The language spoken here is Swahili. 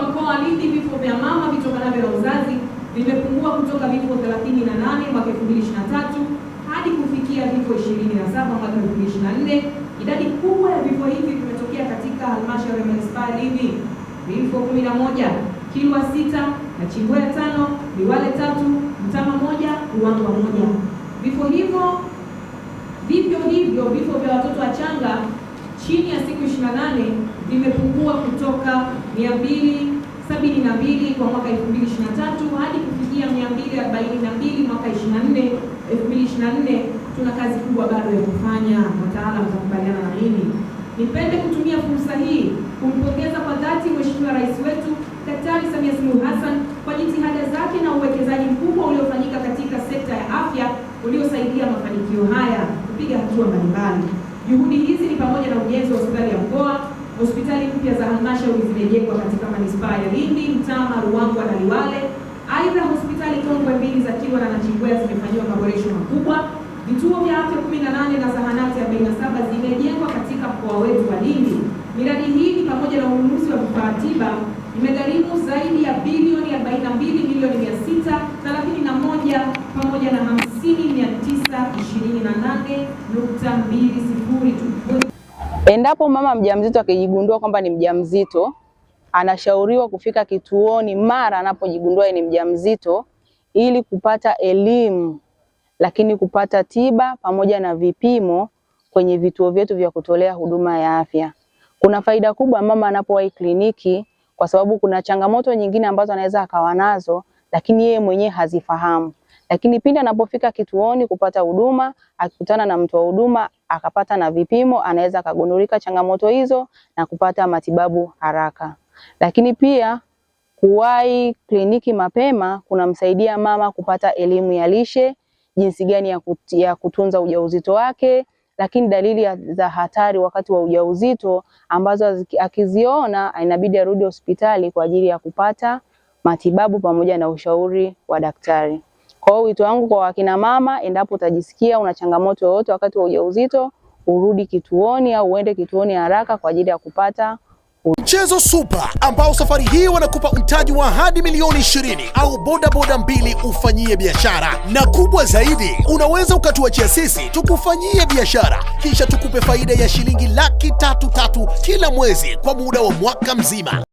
kwa mkoa Lindi vifo vya mama vitokanavyo na uzazi vimepungua kutoka vifo 38 mwaka 2023 hadi kufikia vifo 27 mwaka 2024. Idadi kubwa ya vifo hivi vimetokea katika halmashauri ya manispaa ya Lindi, vifo 11, Kilwa 6, Nachingwea tano, Liwale tatu, Mtama moja Ruangwa 1. Vifo hivyo vivyo hivyo vifo vya watoto wachanga chini ya siku 28 vimepungua kutoka 200 72 kwa mwaka 2023 hadi kufikia 242 mwaka 24 2024. Tuna kazi kubwa bado ya kufanya, Wataalam watakubaliana na mimi. Nipende kutumia fursa hii kumpongeza kwa dhati Mheshimiwa Rais wetu Daktari Samia Suluhu Hassan kwa jitihada zake na uwekezaji mkubwa uliofanyika katika sekta ya afya uliosaidia mafanikio haya kupiga hatua mbalimbali. Juhudi hizi ni pamoja na ujenzi wa hospitali ya mkoa Hospitali mpya za halmashauri zimejengwa katika manispaa ya Lindi, Mtama, Ruangwa na Liwale. Aidha, hospitali kongwe mbili za Kilwa na Nachingwea zimefanyiwa maboresho makubwa. Vituo vya afya 18 na zahanati 47 zimejengwa katika mkoa wetu wa Lindi. Miradi hii ni pamoja na ununuzi wa vifaa tiba imegharimu zaidi ya bilioni 42 milioni 631 pamoja na 50 928.20 Endapo mama mjamzito akijigundua kwamba ni mjamzito, anashauriwa kufika kituoni mara anapojigundua ni mjamzito ili kupata elimu, lakini kupata tiba pamoja na vipimo kwenye vituo vyetu vya kutolea huduma ya afya. Kuna faida kubwa mama anapowahi kliniki, kwa sababu kuna changamoto nyingine ambazo anaweza akawa nazo lakini yeye mwenyewe hazifahamu. Lakini pindi anapofika kituoni kupata huduma, akikutana na mtu wa huduma akapata na vipimo, anaweza akagundulika changamoto hizo na kupata matibabu haraka. Lakini pia kuwahi kliniki mapema kunamsaidia mama kupata elimu ya lishe, jinsi gani ya kutunza ujauzito wake, lakini dalili za hatari wakati wa ujauzito ambazo akiziona inabidi arudi hospitali kwa ajili ya kupata matibabu pamoja na ushauri wa daktari. Kwa hiyo wito wangu kwa wakina mama, endapo utajisikia una changamoto yoyote wakati wa ujauzito, urudi kituoni au uende kituoni haraka kwa ajili ya kupata Mchezo Supa ambao safari hii wanakupa mtaji wa hadi milioni 20 au bodaboda mbili ufanyie biashara, na kubwa zaidi, unaweza ukatuachia sisi tukufanyie biashara kisha tukupe faida ya shilingi laki tatu tatu kila mwezi kwa muda wa mwaka mzima.